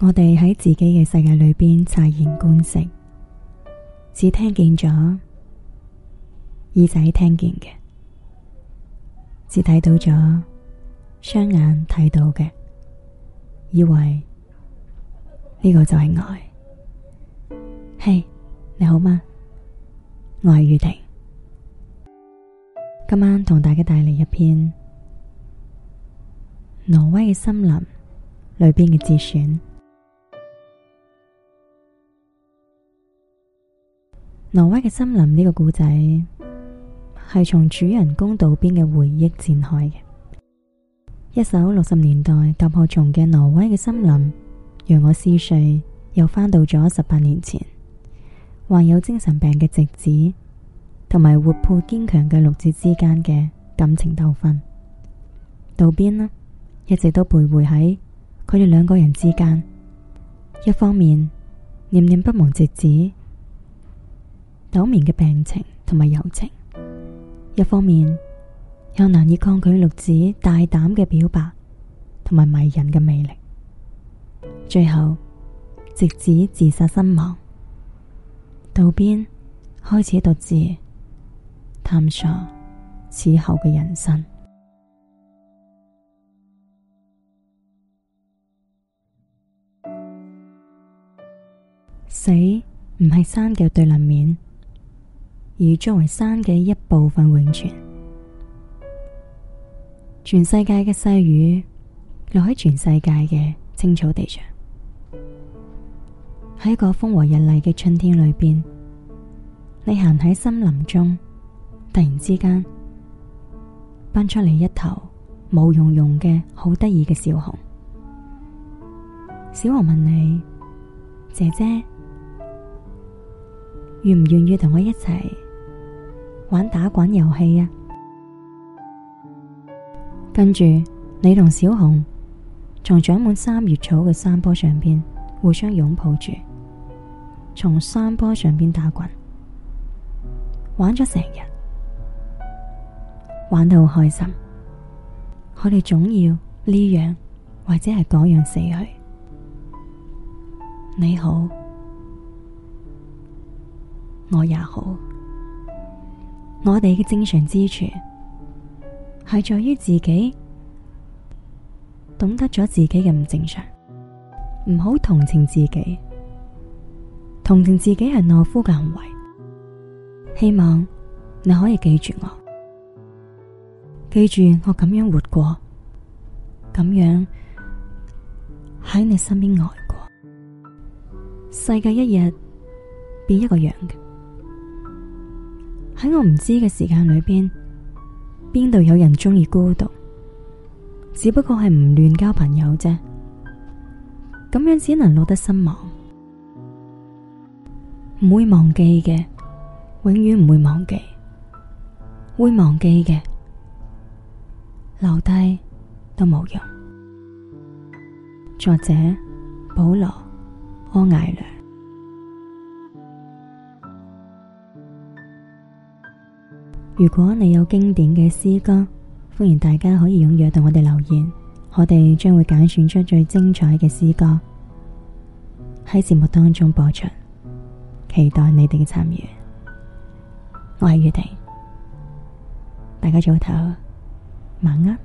我哋喺自己嘅世界裏邊察言觀色，只聽見咗耳仔聽見嘅，只睇到咗雙眼睇到嘅，以為呢個就係愛。嘿、hey，你好嘛？我係雨婷，今晚同大家帶嚟一篇挪威嘅森林裏邊嘅節選。挪威嘅森林呢個故仔係從主人公道，道邊嘅回憶展開嘅。一首六十年代甲殼蟲嘅挪威嘅森林，讓我思緒又返到咗十八年前，患有精神病嘅直子，同埋活潑堅強嘅六子之間嘅感情糾紛。道邊呢，一直都徘徊喺佢哋兩個人之間，一方面念念不忘直子，柳眠嘅病情同埋友情，一方面又難以抗拒綠子大膽嘅表白同埋迷人嘅魅力。最後，直子自殺身亡，渡邊開始獨自探索此後嘅人生。死唔係生嘅對立面。而作為山嘅一部分永存，全世界嘅細雨落喺全世界嘅青草地上。喺一個風和日麗嘅春天裏邊，你行喺森林中，突然之間，蹦出嚟一頭毛茸茸嘅好得意嘅小熊。小熊問你：姐姐願唔願意同我一齊？玩打滾遊戲啊！跟住你同小紅，從長滿三葉草嘅山坡上邊互相擁抱住，從山坡上邊打滾，玩咗成日，玩得好開心。我哋總要呢樣或者係嗰樣死去。你好，我也好。我哋嘅正常之處係在於自己懂得咗自己嘅唔正常，唔好同情自己，同情自己係懦夫嘅行為。希望你可以記住我，記住我咁樣活過，咁樣喺你身邊呆過。世界一日變一個樣嘅。喺我唔知嘅時間裏邊，邊度有人中意孤獨？只不過係唔亂交朋友啫，咁樣只能落得失望，唔會忘記嘅，永遠唔會忘記，會忘記嘅，留低都冇用。作者保羅柯艾略。如果你有經典嘅詩歌，歡迎大家可以踊躍到我哋留言，我哋將會揀選出最精彩嘅詩歌喺節目當中播出，期待你哋嘅參與。我係月婷，大家早唞，晚安。